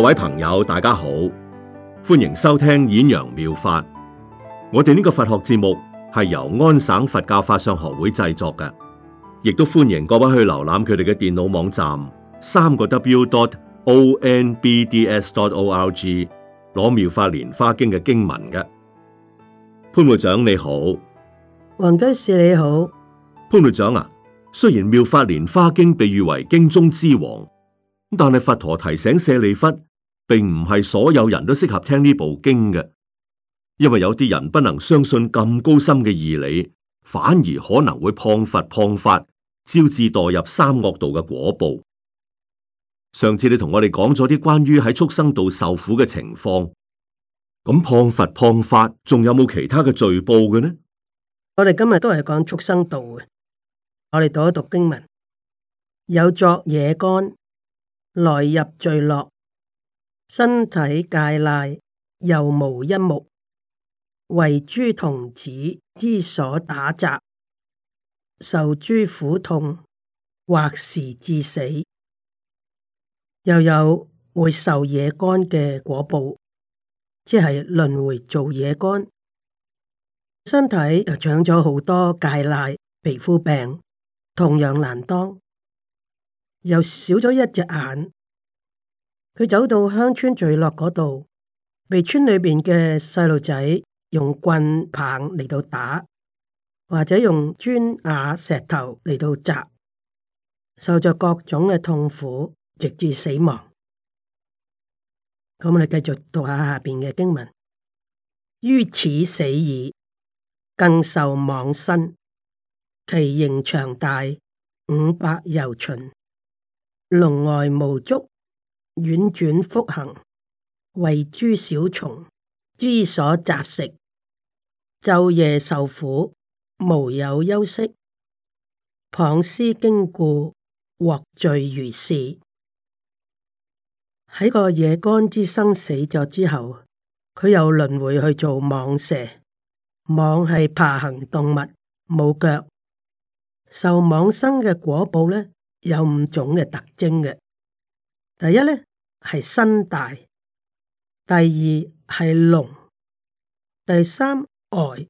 各位朋友，大家好，歡迎收聽演揚妙，妙法。我哋呢個佛學節目係由安省佛教法相學會製作嘅，亦都歡迎各位去瀏覽佢哋嘅電腦網站，三個 w.dot.o.n.b.d.s.dot.org 攞《妙法蓮花經》嘅經文嘅。潘會長你好，黃居士你好，潘會長啊，雖然妙法蓮花經被譽為經中之王，但係佛陀提醒舍利弗。並唔係所有人都適合聽呢部經嘅，因為有啲人不能相信咁高深嘅義理，反而可能會破佛破法，招致墮入三惡道嘅果報。上次你同我哋講咗啲關於喺畜生道受苦嘅情況，咁破佛破法仲有冇其他嘅罪報嘅呢？我哋今日都係講畜生道嘅，我哋讀一讀經文，有作野干，來入聚落。身體疥癩又無一目，為諸童子之所打雜，受諸苦痛，或時致死。又有會受野干嘅果報，即係輪回做野干。身體又長咗好多疥癩，皮膚病同樣難當，又少咗一隻眼。佢走到鄉村聚落嗰度，被村裏邊嘅細路仔用棍棒嚟到打，或者用磚瓦石頭嚟到砸，受着各種嘅痛苦，直至死亡。咁我哋繼續讀下下邊嘅經文：於此死已，更受蟒身，其形長大五百由旬，聾騃無足。婉轉腹行，為諸小蟲之所唼食，晝夜受苦，無有休息。謗斯經故，獲罪如是。喺個野干之生死咗之後，佢又輪回去做蟒蛇。蟒係爬行動物，冇腳。受蟒身嘅果報呢，有五種嘅特徵嘅。第一咧係身大，第二係聾，第三呆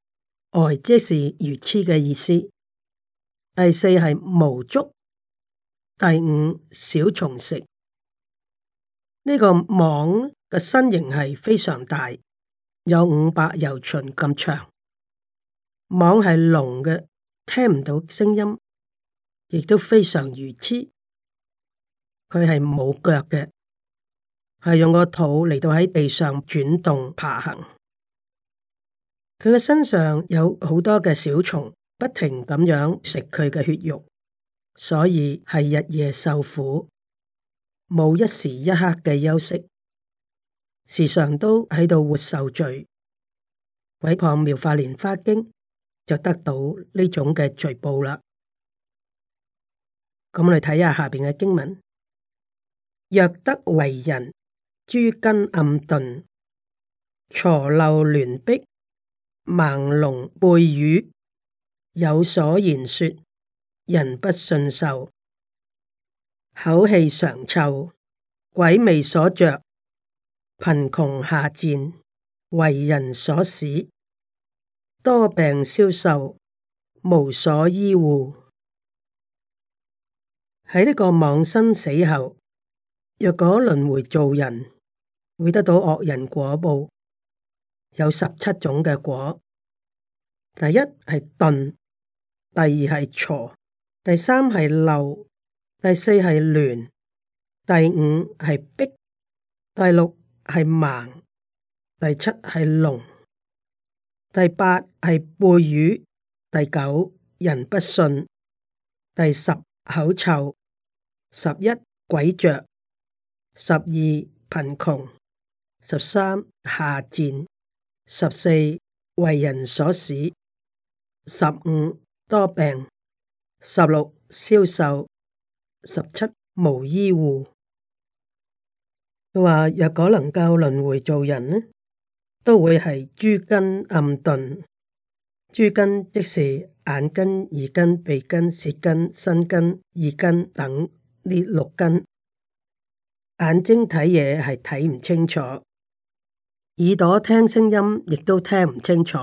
呆，即、呃呃、是愚痴嘅意思。第四係無足，第五小蟲食。呢、這個蟒嘅身形係非常大，有五百由旬咁長。蟒係聾嘅，聽唔到聲音，亦都非常愚痴。佢係冇腳嘅，係用個肚嚟到喺地上轉動爬行。佢嘅身上有好多嘅小蟲，不停咁樣食佢嘅血肉，所以係日夜受苦，冇一時一刻嘅休息，時常都喺度活受罪。《鬼旁妙法蓮花經》就得到呢種嘅罪報啦。咁我哋睇下下邊嘅經文。若得為人，諸根暗鈍，矬陋攣躄，盲聾背傴，有所言說，人不信受，口氣常臭，鬼魅所着，貧窮下賤，為人所使，多病消瘦，無所依怙，喺呢個往生死後。若果輪迴做人，會得到惡人果報，有十七種嘅果。第一係鈍，第二係錯，第三係漏，第四係亂，第五係逼，第六係盲，第七係聾，第八係背語，第九人不信，第十口臭，十一鬼着。十二貧窮，十三下賤，十四為人所使，十五多病，十六消瘦，十七無醫護。佢話若果能夠輪回做人呢，都會係諸根暗鈍。諸根即是眼根、耳根、鼻根、舌根、身根、意根等呢六根。眼睛睇嘢係睇唔清楚，耳朵聽聲音亦都聽唔清楚，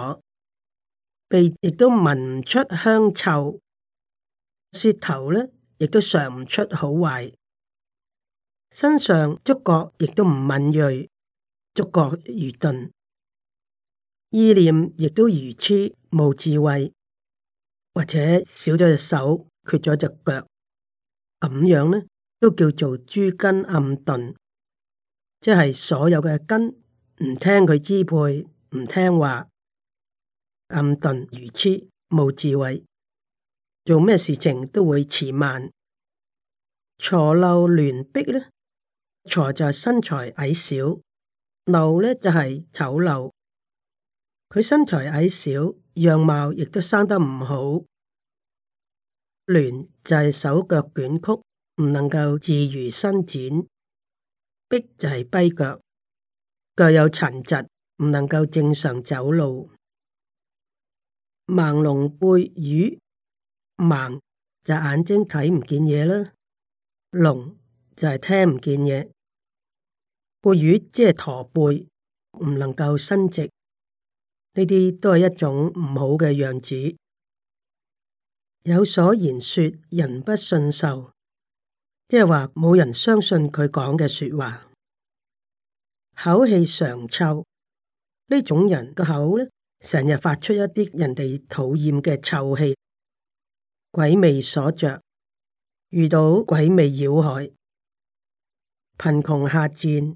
鼻亦都聞唔出香臭，舌頭咧亦都嘗唔出好壞，身上觸覺亦都唔敏銳，觸覺愚鈍，意念亦都愚痴，冇智慧，或者少咗隻手，缺咗隻腳，咁樣咧。都叫做諸根暗頓，即係所有嘅根唔聽佢支配，唔聽話，暗頓如痴，冇智慧，做咩事情都會遲慢，矬陋攣躄咧。矬就係身材矮小，陋咧就係醜陋，佢身材矮小，樣貌亦都生得唔好，攣就係手腳捲曲。唔能夠自如伸展，躄就係跛腳，腳有殘疾，唔能夠正常走路。盲聾背傴，盲就眼睛睇唔見嘢啦，聾就係聽唔見嘢，背傴即係駝背，唔能夠伸直，呢啲都係一種唔好嘅樣子。有所言說，人不信受。即係話冇人相信佢講嘅說話，口氣常臭。呢種人個口呢，成日發出一啲人哋討厭嘅臭氣，鬼魅所著，遇到鬼魅擾害，貧窮下賤。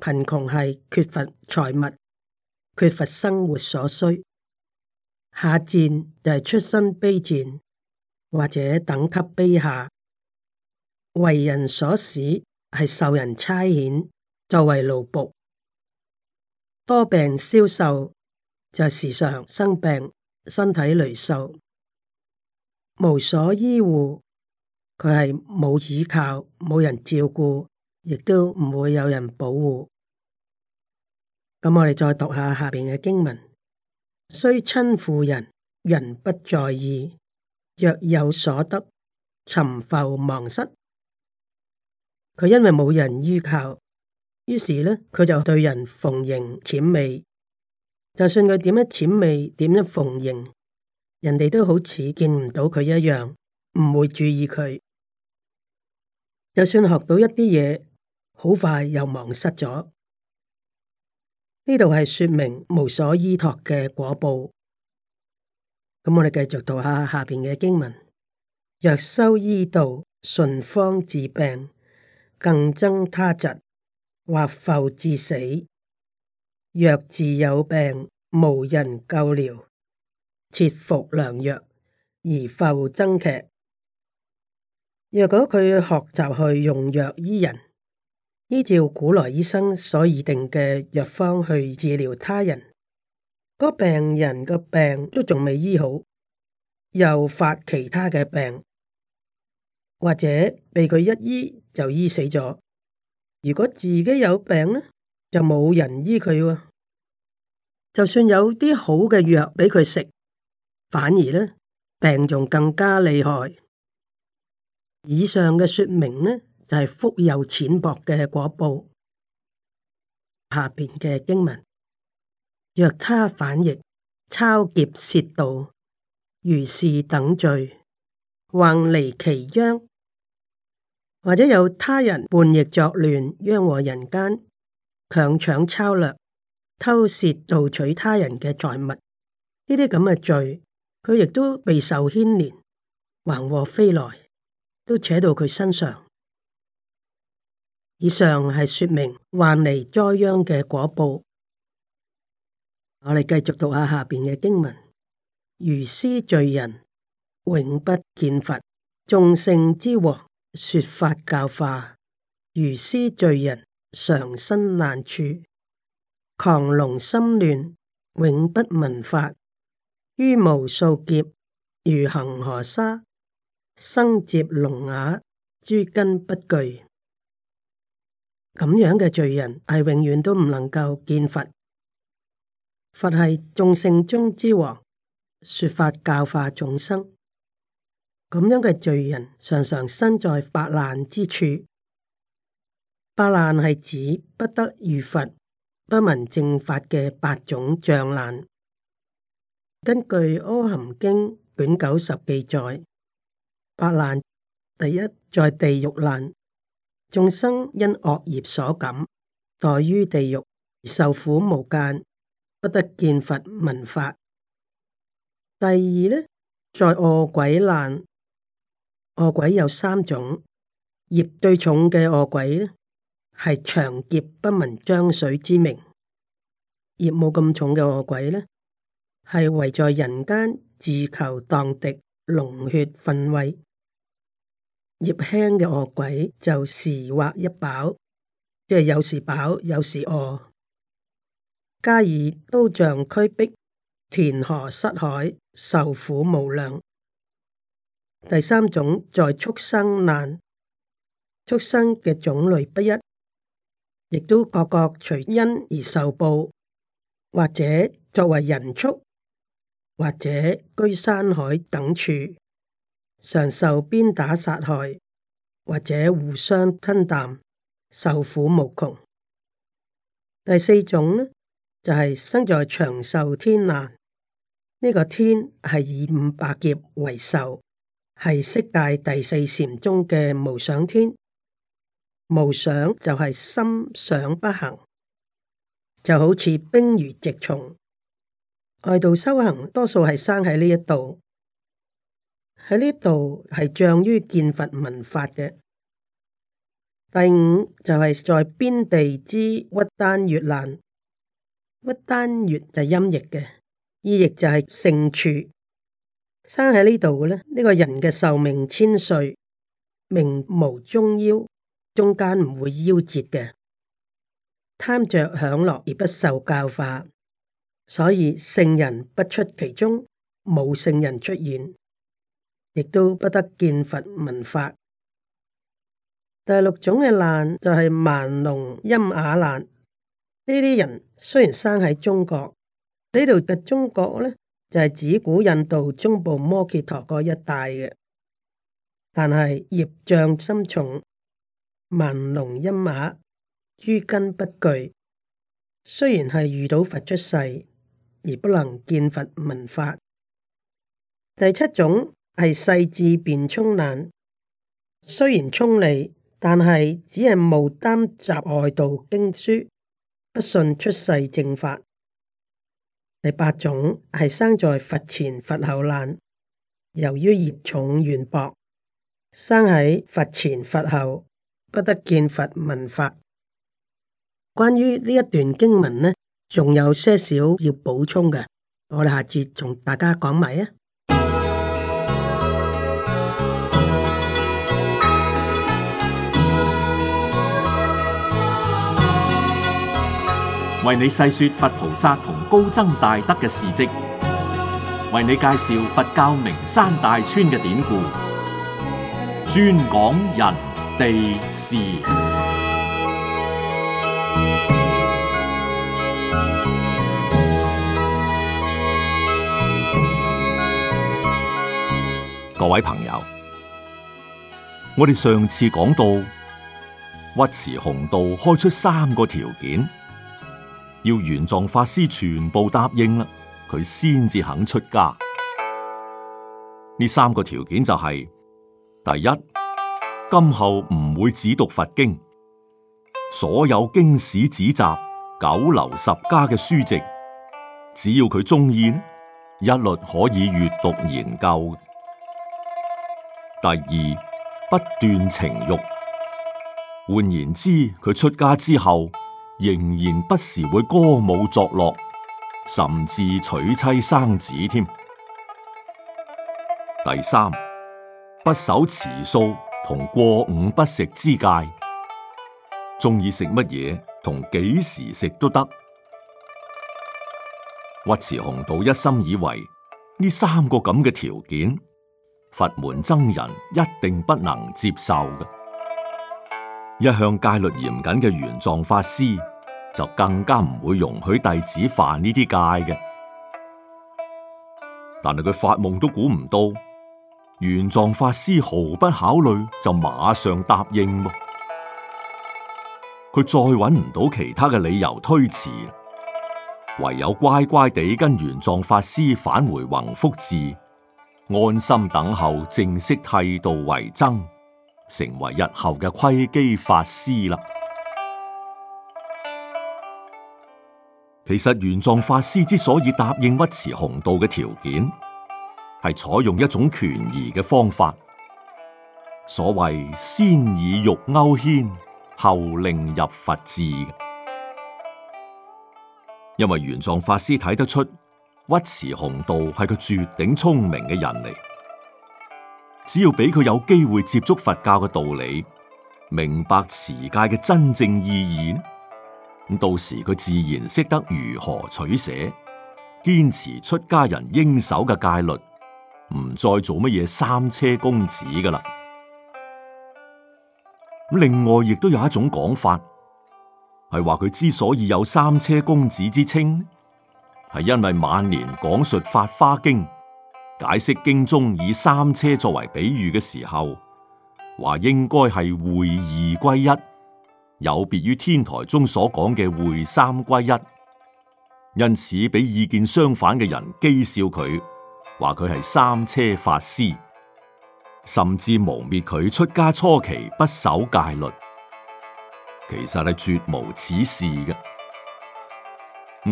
貧窮係缺乏財物，缺乏生活所需。下賤就係出身卑賤或者等級卑下。為人所使，係受人差遣；作為奴僕，多病消瘦就係時常生病，身體羸瘦，無所依怙。佢係冇依靠，冇人照顧，亦都唔會有人保護。咁我哋再讀下下邊嘅經文：雖親附人，人不在意；若有所得，尋復忘失。佢因為冇人依靠，於是呢，佢就對人奉迎諂媚。就算佢點樣諂媚，點樣奉迎，人哋都好似見唔到佢一樣，唔會注意佢。就算學到一啲嘢，好快又忘失咗。呢度係說明無所依託嘅果報。咁我哋繼續讀下下邊嘅經文：若修醫道，順方治病。更增他疾，或浮致死。若自有病，無人救療，切服良藥而浮增劇。若果佢學習去用藥醫人，依照古來醫生所擬定嘅藥方去治療他人，嗰病人個病都仲未醫好，又發其他嘅病，或者被佢一醫就醫死咗。如果自己有病呢，就冇人醫佢喎。就算有啲好嘅藥俾佢食，反而呢病仲更加厲害。以上嘅說明呢就係福有淺薄嘅果報。下邊嘅經文：若他反逆，抄劫竊盜，如是等罪，橫離其殃。或者有他人叛逆作亂，殃禍人間，強搶抄掠、偷竊盜取他人嘅財物，呢啲咁嘅罪，佢亦都備受牽連，橫禍飛來都扯到佢身上。以上係說明患離災殃嘅果報。我哋繼續讀下下面嘅經文：如斯罪人，永不見佛，眾聖之王。說法教化，如斯罪人常身難處，狂聾心亂，永不聞法，於無數劫，如恒河沙，生輒聾啞，諸根不具。咁樣嘅罪人係永遠都唔能夠見佛。佛係眾聖中之王，說法教化眾生。咁樣嘅罪人，常常身在八難之處。八難係指不得遇佛、不聞正法嘅八種障難。根據《阿含經》卷九十記載，八難第一在地獄難，眾生因惡業所感，墮於地獄，受苦無間，不得見佛聞法。第二呢，在餓鬼難。餓鬼有三種，業最重嘅餓鬼咧，係長劫不聞漿水之名；業冇咁重嘅餓鬼咧，係圍在人間自求蕩滌，龍血糞穢；業輕嘅餓鬼就時或一飽，即係有時飽有時餓，加以刀杖驅逼，填河塞海，受苦無量。第三種在畜生難，畜生嘅種類不一，亦都各各隨因而受報，或者作為人畜，或者居山海等處，常受鞭打殺害，或者互相吞啖，受苦無窮。第四種呢，就係生在長壽天難，呢個天係以五百劫為壽。係色界第四禪宗嘅無想天，無想就係心想不行，就好似冰如直從外道修行，多數係生喺呢一度，喺呢度係障於見佛聞法嘅。第五就係在邊地之鬱單越難，鬱單越就係音譯嘅，意譯就係勝處。生喺呢度嘅呢個人嘅壽命千歲，命無中夭，中間唔會夭折嘅。貪着享樂而不受教化，所以聖人不出其中，冇聖人出現，亦都不得見佛聞法。第六種嘅難就係盲聾瘖啞難，呢啲人雖然生喺中國，呢度嘅中國呢。就係指古印度中部摩羯陀嗰一帶嘅，但係業障深重，盲聾瘖啞，諸根不具。雖然係遇到佛出世而不能見佛聞法。第七種係世智辯聰難，雖然聰利，但係只係無耽習外道經書，不信出世正法。第八種係生在佛前佛後難，由於業重緣薄，生喺佛前佛後，不得見佛聞法。關於呢一段經文呢，仲有些少要補充嘅，我哋下次同大家講埋啊。為你細說佛菩薩同高僧大德嘅事跡，為你介紹佛教名山大川嘅典故，專講人地事。各位朋友，我哋上次講到尉遲洪道開出三個條件。要玄奘法師全部答應啦，佢先至肯出家。呢三個條件就係、是：第一，今後唔會只讀佛經，所有經史子集、九流十家嘅書籍，只要佢中意，一律可以閱讀研究。第二，不斷情欲。換言之，佢出家之後。仍然不時會歌舞作樂，甚至娶妻生子添。第三，不守持素同過午不食之戒，中意食乜嘢同幾時食都得。尉遲洪道一心以為呢三個咁嘅條件，佛門僧人一定不能接受嘅。一向戒律嚴謹嘅玄奘法師就更加唔會容許弟子犯呢啲戒嘅，但係佢發夢都估唔到，玄奘法師毫不考慮就馬上答應，佢再搵唔到其他嘅理由推辭，唯有乖乖地跟玄奘法師返回弘福寺，安心等候正式剃度為僧。成為日後嘅窺基法師啦。其實玄奘法師之所以答應尉遲洪道嘅條件，係採用一種權宜嘅方法，所謂先以欲勾牽，後令入佛智嘅。因為玄奘法師睇得出尉遲洪道係個絕頂聰明嘅人嚟。只要俾佢有機會接觸佛教嘅道理，明白持戒嘅真正意義，咁到時佢自然識得如何取捨，堅持出家人應守嘅戒律，唔再做乜嘢三車公子㗎喇。咁另外亦都有一種講法，係話佢之所以有三車公子之稱，係因為晚年講述《法華經》。解釋經中以三車作為比喻嘅時候，話應該係會二歸一，有別於天台中所講嘅會三歸一。因此，俾意見相反嘅人譏笑佢，話佢係三車法師，甚至誣衊佢出家初期不守戒律。其實係絕無此事嘅。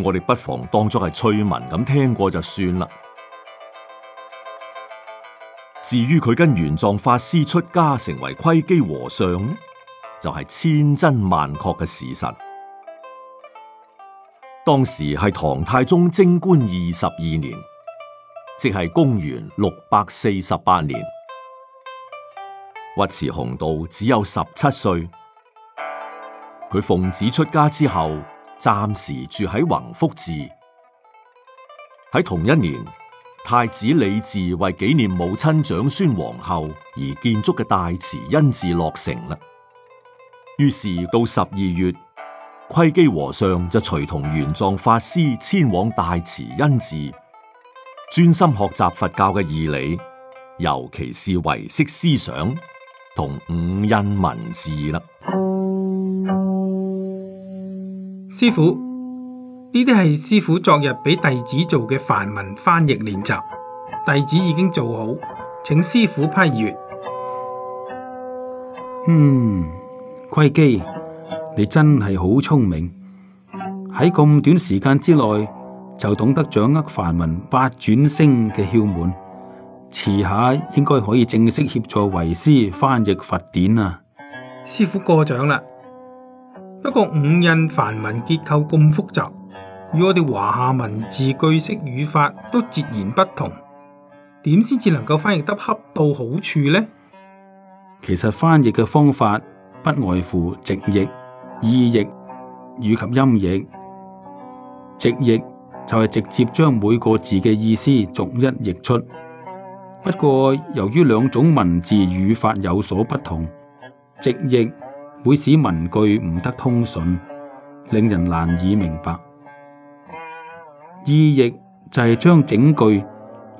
我哋不妨當作係趣聞咁聽過就算啦。至於佢跟玄奘法師出家成為窺基和尚就係、是、千真萬確嘅事實。當時係唐太宗貞觀二十二年，即係公元六百四十八年，尉遲洪道只有十七歲。佢奉旨出家之後，暫時住喺弘福寺。喺同一年。太子李治為紀念母親長孫皇后而建築嘅大慈恩寺落成啦，於是到十二月，窺基和尚就隨同玄奘法師遷往大慈恩寺，專心學習佛教嘅義理，尤其是唯識思想同五印文字啦。師父。呢啲係師父昨日俾弟子做嘅梵文翻譯練習，弟子已經做好，請師父批閱。嗯，窺基，你真係好聰明，喺咁短時間之內就懂得掌握梵文八轉聲嘅竅門，遲下應該可以正式協助為師翻譯佛典啦。師父過獎啦，不過五印梵文結構咁複雜。與我哋華夏文字句式語法都截然不同，點先至能夠翻譯得恰到好處呢？其實翻譯嘅方法不外乎直譯、意譯以及音譯。直譯就係直接將每個字嘅意思逐一譯出，不過由於兩種文字語法有所不同，直譯會使文句唔得通順，令人難以明白。意譯就係將整句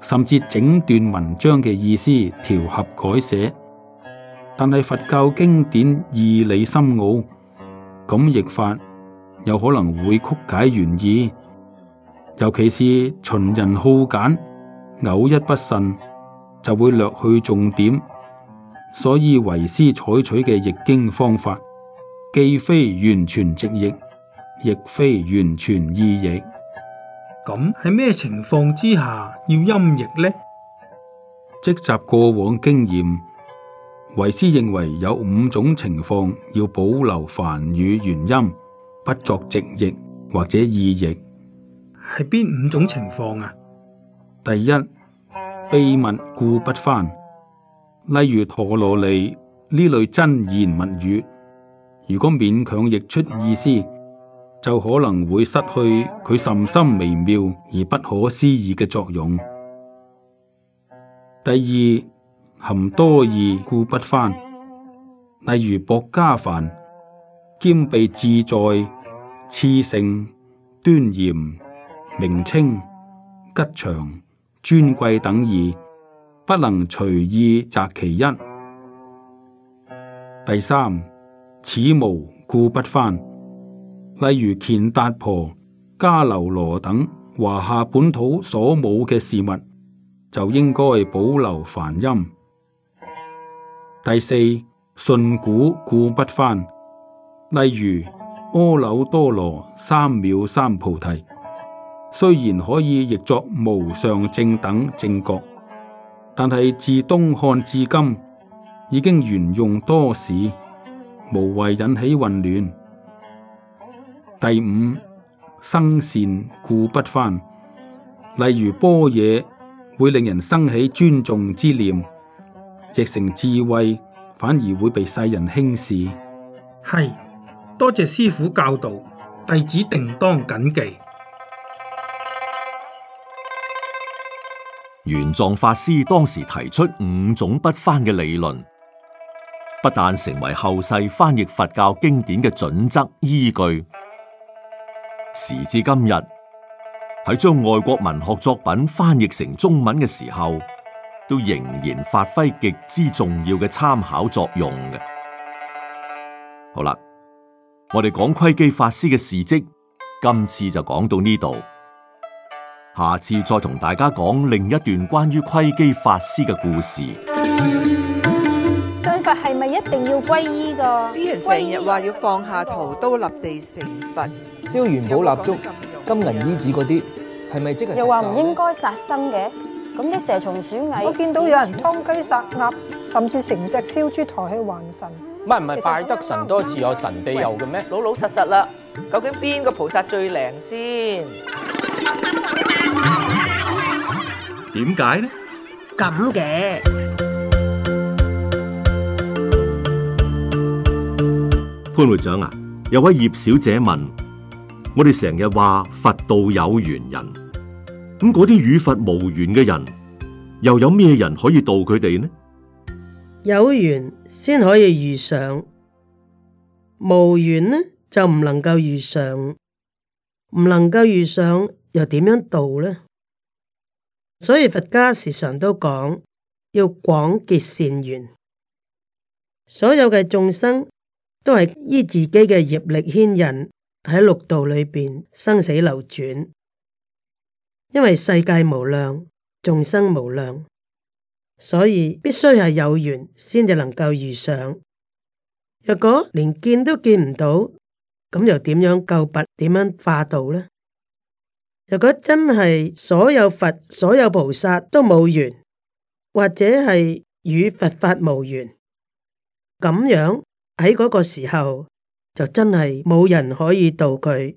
甚至整段文章嘅意思調合改寫，但係佛教經典義理深奧，咁譯法有可能會曲解原意，尤其是秦人好簡，偶一不慎就會略去重點，所以維師採取嘅譯經方法，既非完全直譯，亦非完全意譯。咁喺咩情況之下要音譯呢？積集過往經驗，維斯認為有五種情況要保留梵語原音，不作直譯或者意譯。係邊五種情況啊？第一，秘密故不翻，例如陀羅尼呢類真言密語，如果勉強譯出意思。就可能會失去佢甚深微妙而不可思議嘅作用。第二，含多義故不翻，例如薄伽梵兼備自在、次性端嚴、名稱吉祥、尊貴等義，不能隨意擇其一。第三，此無故不翻。例如犍達婆、迦樓羅等華夏本土所冇嘅事物，就應該保留梵音。第四，順古故不翻。例如阿耨多羅三藐三菩提，雖然可以譯作無上正等正覺，但係自東漢至今已經沿用多時，無謂引起混亂。第五，生善故不翻，例如般若會令人生起尊重之念，亦成智慧，反而會被世人輕視。係多謝師父教導，弟子定當謹記。玄奘法師當時提出五種不翻嘅理論，不但成為後世翻譯佛教經典嘅準則依據。時至今日，喺將外國文學作品翻譯成中文嘅時候，都仍然發揮極之重要嘅參考作用嘅。好啦，我哋講窺基法師嘅事跡，今次就講到呢度，下次再同大家講另一段關於窺基法師嘅故事。係咪一定要皈依噶？啲人成日話要放下屠刀立地成佛，燒元寶蠟燭、金銀衣紙嗰啲，係咪即係？又話唔應該殺生嘅，咁啲蛇蟲鼠蟻，我見到有人劏雞殺鴨，甚至成隻燒豬抬去還神。唔係唔係，拜得神多自有神庇佑嘅咩？老老實實啦，究竟邊個菩薩最靈先？點解呢？咁嘅。潘會長啊，有位葉小姐問：我哋成日話佛度有緣人，咁嗰啲與佛無緣嘅人，又有咩人可以度佢哋呢？有緣先可以遇上，無緣呢就唔能夠遇上，唔能夠遇上又點樣度呢？所以佛家時常都講要廣結善緣，所有嘅眾生。都係依自己嘅業力牽引喺六道裏邊生死流轉，因為世界無量，眾生無量，所以必須係有緣先至能夠遇上。若果連見都見唔到，咁又點樣救拔？點樣化度呢？若果真係所有佛、所有菩薩都冇緣，或者係與佛法無緣，咁樣。喺嗰個時候就真係冇人可以度佢，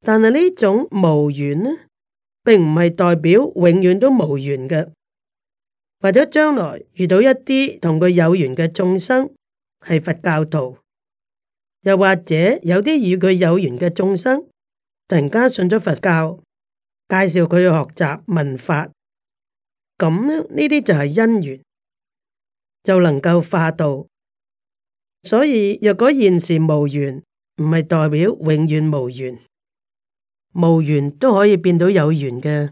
但係呢種無緣呢，並唔係代表永遠都無緣嘅。或者將來遇到一啲同佢有緣嘅眾生，係佛教徒，又或者有啲與佢有緣嘅眾生，突然間信咗佛教，介紹佢去學習聞法，咁呢啲就係因緣，就能夠化度。所以，若果現時無緣，唔係代表永遠無緣，無緣都可以變到有緣嘅。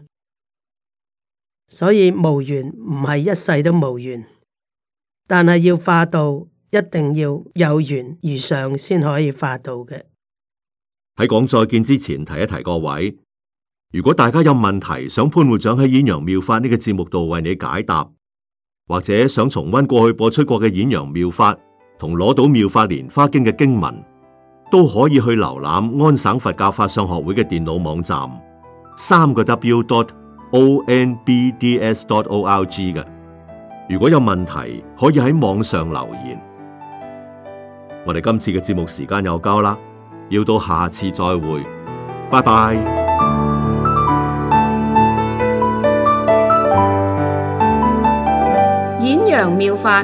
所以無緣唔係一世都無緣，但係要化到一定要有緣如上先可以化到嘅。喺講再見之前，提一提各位，如果大家有問題，想潘會長喺《演羊妙法》呢，這個節目度為你解答，或者想重溫過去播出過嘅《演羊妙法》。同攞到《妙法蓮華經》嘅經文，都可以去瀏覽安省佛教法相學會嘅電腦網站，三個 W dot O N B D S dot O L G 嘅。如果有問題，可以喺網上留言。我哋今次嘅節目時間又夠啦，要到下次再會，拜拜。演揚妙法。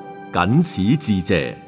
僅此致謝。